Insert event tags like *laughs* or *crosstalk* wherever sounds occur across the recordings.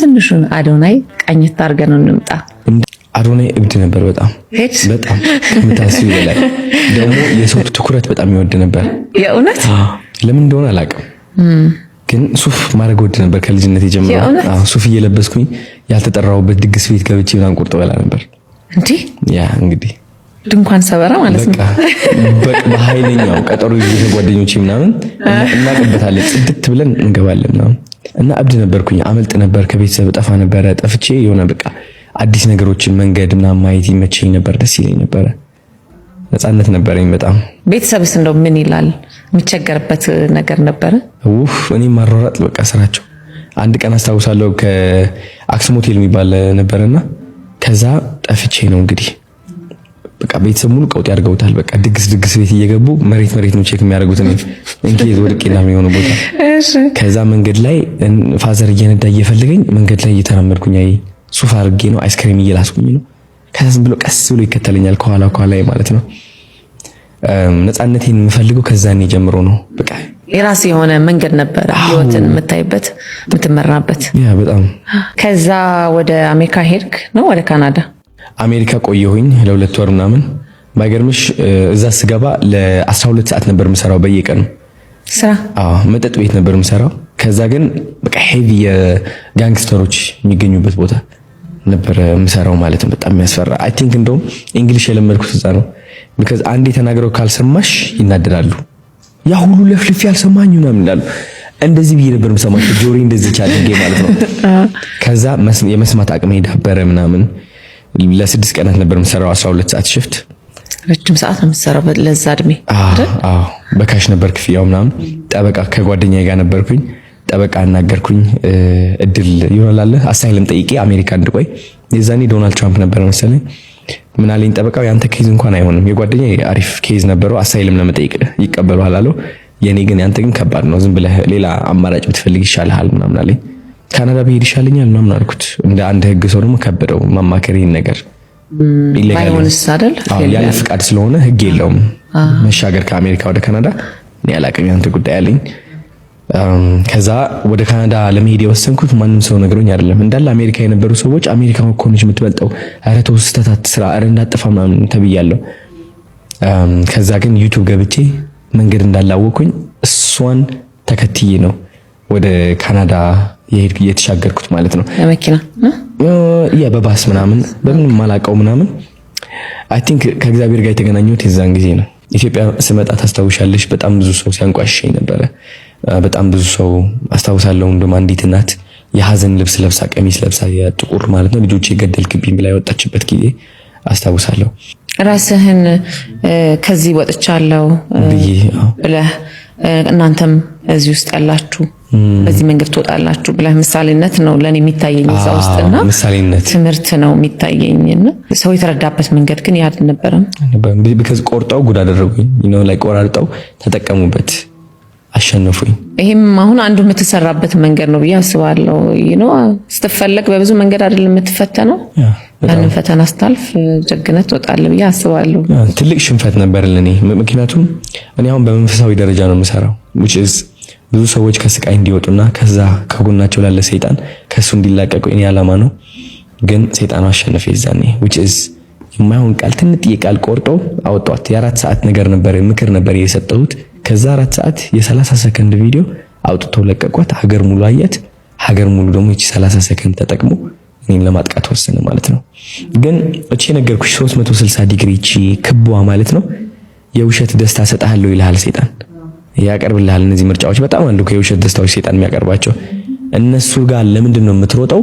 ትንሹን አዶናይ ቃኝት አድርገን እንምጣ። አዶናይ እብድ ነበር፣ በጣም በጣም ከምታስቢው በላይ ደግሞ የሰው ትኩረት በጣም ይወድ ነበር። የእውነት ለምን እንደሆነ አላውቅም፣ ግን ሱፍ ማድረግ ወድ ነበር ከልጅነት የጀመረው። ሱፍ እየለበስኩኝ ያልተጠራሁበት ድግስ ቤት ገብቼ ምናምን ቁርጥ በላ ነበር። እንዴ ያ እንግዲህ ድንኳን ሰበራ ማለት ነው። በኃይለኛው ቀጠሮ ጓደኞች ምናምን እናቅበታለን፣ ጽድት ብለን እንገባለን ምናምን እና እብድ ነበርኩኝ። አመልጥ ነበር ከቤተሰብ ጠፋ ነበረ። ጠፍቼ የሆነ በቃ አዲስ ነገሮችን መንገድ ምናምን ማየት ይመቸኝ ነበር፣ ደስ ይለኝ ነበረ። ነፃነት ነበረኝ በጣም። ቤተሰብስ እንደው ምን ይላል? የሚቸገርበት ነገር ነበረ? ውፍ እኔ ማሯሯጥ በቃ ስራቸው። አንድ ቀን አስታውሳለሁ ከአክሱም ሆቴል የሚባል ነበረና ከዛ ጠፍቼ ነው እንግዲህ በቃ ቤተሰብ ሙሉ ቀውጥ ያድርገውታል። በቃ ድግስ ድግስ ቤት እየገቡ መሬት መሬት ነው ቼክ የሚያደርጉት እንኬዝ ወድቄና የሆነ ቦታ። ከዛ መንገድ ላይ ፋዘር እየነዳ እየፈለገኝ መንገድ ላይ እየተራመድኩኝ አይ ሱፍ አድርጌ ነው አይስክሪም እየላስኩኝ ነው። ከዛ ዝም ብሎ ቀስ ብሎ ይከተለኛል ከኋላ ከኋላ ማለት ነው። ነፃነቴን የምፈልገው ከዛኔ ጀምሮ ነው። በቃ የራስ የሆነ መንገድ ነበር ህይወትን የምታይበት የምትመራበት። ያ በጣም ከዛ ወደ አሜሪካ ሄድክ ነው ወደ ካናዳ አሜሪካ ቆየሁኝ ለሁለት ወር ምናምን። ባይገርምሽ እዛ ስገባ ለ12 ሰዓት ነበር የምሰራው በየቀኑ ስራ። አዎ መጠጥ ቤት ነበር የምሰራው። ከዛ ግን በቃ ሄቪ የጋንግስተሮች የሚገኙበት ቦታ ነበር የምሰራው ማለት ነው። በጣም የሚያስፈራ አይ ቲንክ እንደውም እንግሊሽ የለመድኩት እዛ ነው። ቢካዝ አንዴ ተናግረው ካልሰማሽ ይናደዳሉ። ያ ሁሉ ለፍልፍ ያልሰማኝ ምናምን ይላሉ። እንደዚህ ብዬ ነበር የምሰማቸው ጆሮዬ እንደዚህ ቻለ ማለት ነው። *laughs* ከዛ የመስማት አቅሜ ዳበረ ምናምን ለስድስት ቀናት ነበር የምሰራው 12 ሰዓት ሽፍት ረጅም ሰዓት ነው የምትሰራው ለዛ እድሜ። አዎ በካሽ ነበር ክፍያው ምናምን። ጠበቃ ከጓደኛ ጋር ነበርኩኝ፣ ጠበቃ አናገርኩኝ። እድል ይሆናል አሳይለም ጠይቄ አሜሪካ እንድቆይ የዛኔ ዶናልድ ትራምፕ ነበር መሰለኝ። ምን አለኝ ጠበቃው፣ ያንተ ኬዝ እንኳን አይሆንም፣ የጓደኛ አሪፍ ኬዝ ነበረው፣ አሳይልም ለመጠየቅ ይቀበሉሃል አለው። የኔ ግን ያንተ ግን ከባድ ነው፣ ዝም ብለህ ሌላ አማራጭ ብትፈልግ ይሻልሃል ምናምን አለኝ። ካናዳ ብሄድ ይሻለኛል ምናምን አልኩት። እንደ አንድ ህግ ሰው ደግሞ ከበደው ማማከር ይህን ነገር ያለ ፍቃድ ስለሆነ ህግ የለውም መሻገር ከአሜሪካ ወደ ካናዳ እኔ አላቅም፣ ያንተ ጉዳይ አለኝ። ከዛ ወደ ካናዳ ለመሄድ የወሰንኩት ማንም ሰው ነግሮኝ አይደለም። እንዳለ አሜሪካ የነበሩ ሰዎች አሜሪካ እኮ ነች የምትበልጠው፣ ኧረ ተው ስተታት ስራ፣ ኧረ እንዳጠፋ ምናምን ተብያለሁ። ከዛ ግን ዩቱብ ገብቼ መንገድ እንዳላወኩኝ እሷን ተከትዬ ነው ወደ ካናዳ የተሻገርኩት ማለት ነው። በመኪና ያ በባስ ምናምን በምን ማላቀው ምናምን አይ ቲንክ ከእግዚአብሔር ጋር የተገናኘሁት የዛን ጊዜ ነው። ኢትዮጵያ ስመጣ ታስታውሻለሽ? በጣም ብዙ ሰው ሲያንቋሽ ነበረ። በጣም ብዙ ሰው አስታውሳለሁ። እንደውም አንዲት እናት የሀዘን ልብስ ለብሳ ቀሚስ ለብሳ የጥቁር ማለት ነው ልጆች የገደልክብኝ ብላ የወጣችበት ጊዜ አስታውሳለሁ። ራስህን ከዚህ ወጥቻለሁ ብዬ ብለህ እናንተም እዚህ ውስጥ ያላችሁ በዚህ መንገድ ትወጣላችሁ ብለህ ምሳሌነት ነው ለእኔ የሚታየኝ እዛ ውስጥና ትምህርት ነው የሚታየኝና ሰው የተረዳበት መንገድ ግን ያ አልነበረም። ቆርጠው ጉድ አደረጉኝ ላይ ቆራርጠው ተጠቀሙበት፣ አሸነፉኝ። ይህም አሁን አንዱ የምትሰራበት መንገድ ነው ብዬ አስባለሁ። ስትፈለግ በብዙ መንገድ አይደለም የምትፈተነው። ያንን ፈተና ስታልፍ ጀግነት ትወጣለህ ብዬ አስባለሁ። ትልቅ ሽንፈት ነበር ለእኔ፣ ምክንያቱም እኔ አሁን በመንፈሳዊ ደረጃ ነው የምሰራው ብዙ ሰዎች ከስቃይ እንዲወጡና ከዛ ከጎናቸው ላለ ሰይጣን ከሱ እንዲላቀቁ የኔ ዓላማ ነው። ግን ሰይጣኑ አሸነፈ ይዛኔ which is የማይሆን ቃል ትንጥዬ ቃል ቆርጦ አወጧት። የአራት ሰዓት ነገር ነበር ምክር ነበር የሰጠሁት። ከዛ አራት ሰዓት የሰላሳ ሰከንድ ቪዲዮ አውጥቶ ለቀቋት። ሀገር ሙሉ አያት። ሀገር ሙሉ ደግሞ እቺ ሰላሳ ሰከንድ ተጠቅሞ እኔን ለማጥቃት ወሰነ ማለት ነው። ግን እቺ የነገርኩሽ 360 ዲግሪ እቺ ክቧ ማለት ነው የውሸት ደስታ ሰጣለሁ ይልሃል ሰይጣን ያቀርብልሃል። እነዚህ ምርጫዎች በጣም አንዱ ከውሸት ደስታዎች ሴጣን የሚያቀርባቸው እነሱ ጋር ለምንድን ነው የምትሮጠው?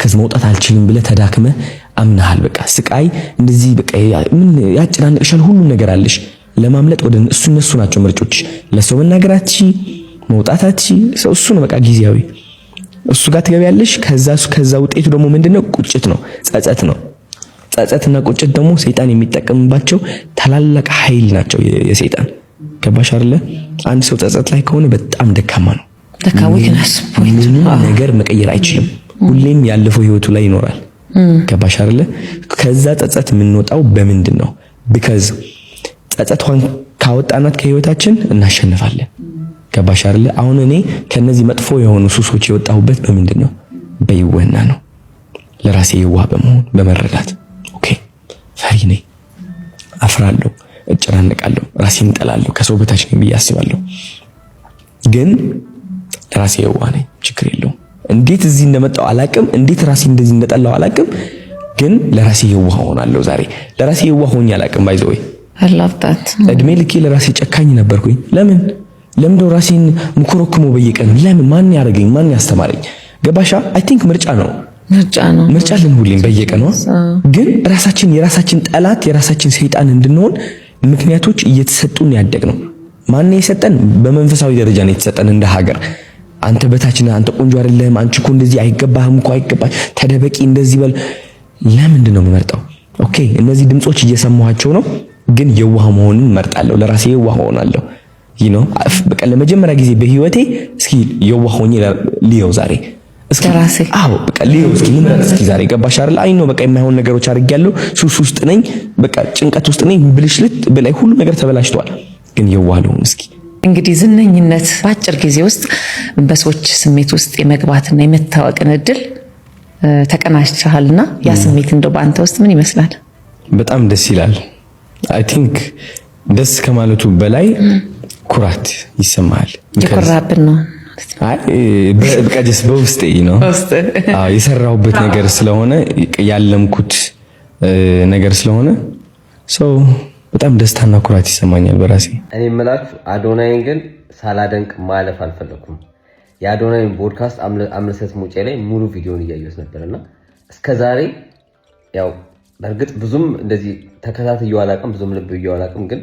ከዚህ መውጣት አልችልም ብለ ተዳክመ አምናሃል። በቃ ስቃይ እንደዚህ በቃ ምን ያጨናንቅሻል? ሁሉም ነገር አለሽ ለማምለጥ ወደ እሱ እነሱ ናቸው ምርጮች። ለሰው መናገራቺ መውጣታቺ ሰው እሱ ነው በቃ ጊዜያዊ እሱ ጋር ትገቢያለሽ። ከዛ ከዛ ውጤቱ ደግሞ ምንድነው? ቁጭት ነው፣ ጸጸት ነው። ጸጸትና ቁጭት ደግሞ ሰይጣን የሚጠቀምባቸው ታላላቅ ኃይል ናቸው የሰይጣን ገባሽ አይደለ? አንድ ሰው ጸጸት ላይ ከሆነ በጣም ደካማ ነው። ነገር መቀየር አይችልም። ሁሌም ያለፈው ህይወቱ ላይ ይኖራል። ገባሽ አይደለ? ከዛ ጸጸት የምንወጣው በምንድን ነው? ቢካዝ ጸጸቷን ካወጣናት ከህይወታችን እናሸንፋለን። ገባሽ አይደለ? አሁን እኔ ከነዚህ መጥፎ የሆኑ ሱሶች የወጣሁበት በምንድን ነው? በይወና ነው። ለራሴ የዋህ በመሆን በመረዳት ኦኬ፣ ፈሪ ነኝ፣ አፍራለሁ፣ እጨናነቃለሁ ራሴን እንጠላለሁ፣ ከሰው በታች ነኝ ብዬ አስባለሁ። ግን ራሴ የዋ ነኝ፣ ችግር የለውም። እንዴት እዚህ እንደመጣው አላቅም፣ እንዴት ራሴ እንደዚህ እንደጠላው አላቅም። ግን ለራሴ የዋ ሆናለሁ። ዛሬ ለራሴ የዋ ሆኜ አላቅም። ባይ ዘ ወይ እድሜ ልኬ ለራሴ ጨካኝ ነበርኩኝ። ለምን ለምደው ራሴን ምኮረኩሞ በየቀን ለምን? ማን ያደረገኝ? ማን ያስተማረኝ? ገባሻ? አይ ቲንክ ምርጫ ነው ምርጫ ነው ምርጫ ልንሁልኝ በየቀኗ ግን ራሳችን የራሳችን ጠላት የራሳችን ሰይጣን እንድንሆን ምክንያቶች እየተሰጡን ያደግ ነው። ማን የሰጠን? በመንፈሳዊ ደረጃ ነው የተሰጠን እንደ ሀገር። አንተ በታች ነህ፣ አንተ ቆንጆ አይደለህም፣ አንቺ እኮ እንደዚህ አይገባህም እኮ አይገባህ፣ ተደበቂ፣ እንደዚህ በል። ለምንድን ነው የምመርጠው? ኦኬ እነዚህ ድምጾች እየሰማኋቸው ነው፣ ግን የዋህ መሆንን መርጣለሁ። ለራሴ የዋህ ሆናለሁ። ይህ ነው በቃ ለመጀመሪያ ጊዜ በህይወቴ እስኪ የዋህ ሆኜ ልየው ዛሬ እስኪ አዎ በቃ ሊዮ እስኪ ልምራት እስኪ ዛሬ ገባሽ አይደል? አይ ነው በቃ የማይሆን ነገሮች አድርጌያለሁ። ሱስ ውስጥ ነኝ፣ በቃ ጭንቀት ውስጥ ነኝ። ብልሽልት በላይ ሁሉ ነገር ተበላሽቷል። ግን የዋለውን እስኪ እንግዲህ ዝነኝነት በአጭር ጊዜ ውስጥ በሰዎች ስሜት ውስጥ የመግባትና የመታወቅን እድል ተቀናጅተሃልና ያ ስሜት እንደው በአንተ ውስጥ ምን ይመስላል? በጣም ደስ ይላል። አይ ቲንክ ደስ ከማለቱ በላይ ኩራት ይሰማል። የኮራብን ነው በቀጀስ በውስጤ ነው የሰራሁበት ነገር ስለሆነ ያለምኩት ነገር ስለሆነ ሰው በጣም ደስታና ኩራት ይሰማኛል በራሴ። እኔ የምላችሁ አዶናይን ግን ሳላደንቅ ማለፍ አልፈለኩም። የአዶናይን ፖድካስት አምለሰት ሙጬ ላይ ሙሉ ቪዲዮን እያየሁት ነበርና እስከዛሬ ያው በእርግጥ ብዙም እንደዚህ ተከታትዬው አላውቅም፣ ብዙም ልብ ብዬው አላውቅም ግን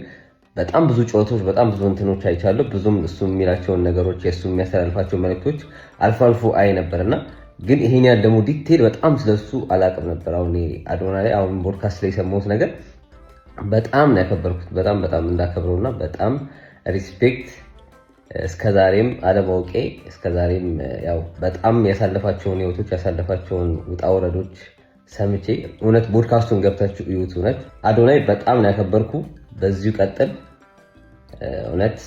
በጣም ብዙ ጨዋታዎች በጣም ብዙ እንትኖች አይቻለሁ። ብዙም እሱ የሚላቸውን ነገሮች የእሱ የሚያስተላልፋቸው መልእክቶች አልፎ አልፎ አይ ነበር እና ግን ይሄን ያህል ደግሞ ዲቴል በጣም ስለሱ አላቅም ነበር። አሁን አዶና ላይ አሁን ቦድካስት ላይ የሰማሁት ነገር በጣም ነው ያከበርኩት። በጣም በጣም እንዳከብረው እና በጣም ሪስፔክት እስከዛሬም አለማውቄ እስከዛሬም ያው በጣም ያሳለፋቸውን ህይወቶች ያሳለፋቸውን ውጣ ወረዶች ሰምቼ እውነት ቦድካስቱን ገብታችሁ እዩት። እውነት አዶናይ በጣም ነው ያከበርኩ። በዚሁ ቀጥል። እውነት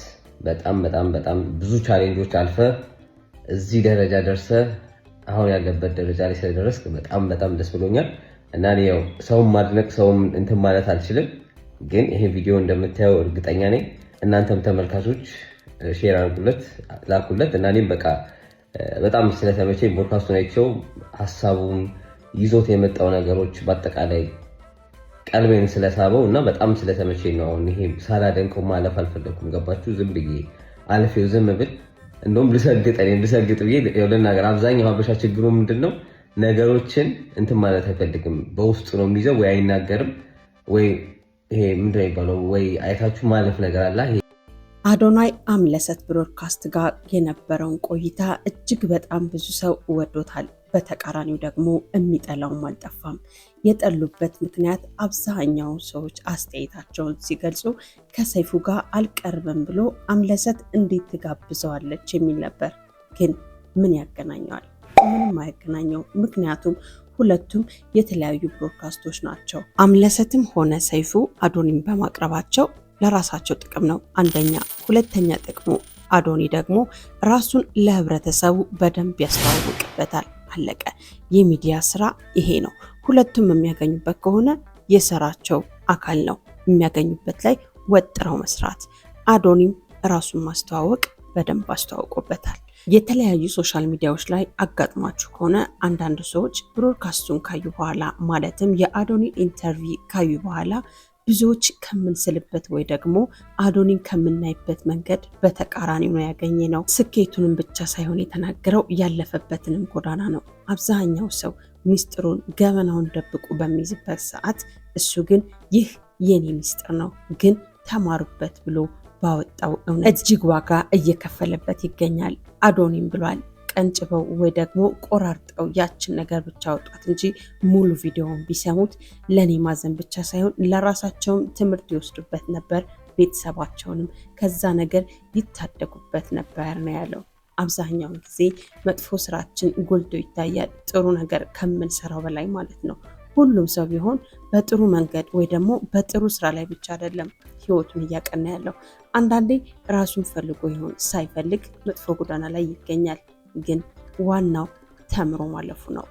በጣም በጣም በጣም ብዙ ቻሌንጆች አልፈ እዚህ ደረጃ ደርሰ አሁን ያለበት ደረጃ ላይ ስለደረስክ በጣም በጣም ደስ ብሎኛል እና ያው ሰውም ማድነቅ ሰውም እንትን ማለት አልችልም፣ ግን ይሄን ቪዲዮ እንደምታየው እርግጠኛ ነኝ። እናንተም ተመልካቾች ሼር አድርጉለት፣ ላኩለት እና እኔም በቃ በጣም ስለተመቸኝ ቦድካስቱን አይቼው ሀሳቡን ይዞት የመጣው ነገሮች በአጠቃላይ ቀልቤን ስለሳበው እና በጣም ስለተመቸኝ ነው። አሁን ይሄ ሳላደንቀው ማለፍ አልፈለኩም። ገባችሁ? ዝም ብዬ አልፌው ዝም ብል እንደውም ልሰግጥ እኔም ልሰግጥ ብዬ ልናገር። አብዛኛው ሀበሻ ችግሩ ምንድን ነው? ነገሮችን እንትን ማለት አይፈልግም። በውስጡ ነው የሚይዘው። ወይ አይናገርም ወይ ይሄ ምንድን ነው የሚባለው? ወይ አይታችሁ ማለፍ ነገር አለ። አዶናይ አምለሰት ብሮድካስት ጋር የነበረውን ቆይታ እጅግ በጣም ብዙ ሰው ወዶታል። በተቃራኒው ደግሞ የሚጠላውም አልጠፋም። የጠሉበት ምክንያት አብዛኛው ሰዎች አስተያየታቸውን ሲገልጹ ከሰይፉ ጋር አልቀርብም ብሎ አምለሰት እንዴት ትጋብዘዋለች የሚል ነበር። ግን ምን ያገናኘዋል? ምንም አያገናኘው። ምክንያቱም ሁለቱም የተለያዩ ብሮድካስቶች ናቸው። አምለሰትም ሆነ ሰይፉ አዶኒን በማቅረባቸው ለራሳቸው ጥቅም ነው አንደኛ። ሁለተኛ ጥቅሙ አዶኒ ደግሞ ራሱን ለህብረተሰቡ በደንብ ያስተዋውቅበታል። አለቀ። የሚዲያ ስራ ይሄ ነው። ሁለቱም የሚያገኙበት ከሆነ የስራቸው አካል ነው። የሚያገኙበት ላይ ወጥረው መስራት። አዶኒም ራሱን ማስተዋወቅ በደንብ አስተዋውቆበታል። የተለያዩ ሶሻል ሚዲያዎች ላይ አጋጥሟችሁ ከሆነ አንዳንድ ሰዎች ብሮድካስቱን ካዩ በኋላ ማለትም የአዶኒ ኢንተርቪው ካዩ በኋላ ብዙዎች ከምንስልበት ወይ ደግሞ አዶኒን ከምናይበት መንገድ በተቃራኒ ነው ያገኘ ነው። ስኬቱንም ብቻ ሳይሆን የተናገረው ያለፈበትንም ጎዳና ነው። አብዛኛው ሰው ሚስጥሩን ገበናውን ደብቆ በሚይዝበት ሰዓት እሱ ግን ይህ የኔ ሚስጥር ነው ግን ተማሩበት ብሎ ባወጣው እውነት እጅግ ዋጋ እየከፈለበት ይገኛል። አዶኒም ብሏል ቀንጭበው ወይ ደግሞ ቆራርጠው ያችን ነገር ብቻ አውጧት እንጂ ሙሉ ቪዲዮውን ቢሰሙት ለእኔ ማዘን ብቻ ሳይሆን ለራሳቸውም ትምህርት ይወስዱበት ነበር፣ ቤተሰባቸውንም ከዛ ነገር ይታደጉበት ነበር ነው ያለው። አብዛኛውን ጊዜ መጥፎ ስራችን ጎልቶ ይታያል፣ ጥሩ ነገር ከምንሰራው በላይ ማለት ነው። ሁሉም ሰው ቢሆን በጥሩ መንገድ ወይ ደግሞ በጥሩ ስራ ላይ ብቻ አይደለም ህይወቱን እያቀና ያለው። አንዳንዴ ራሱን ፈልጎ ይሆን ሳይፈልግ መጥፎ ጎዳና ላይ ይገኛል። ግን ዋናው ተምሮ ማለፉ ነው።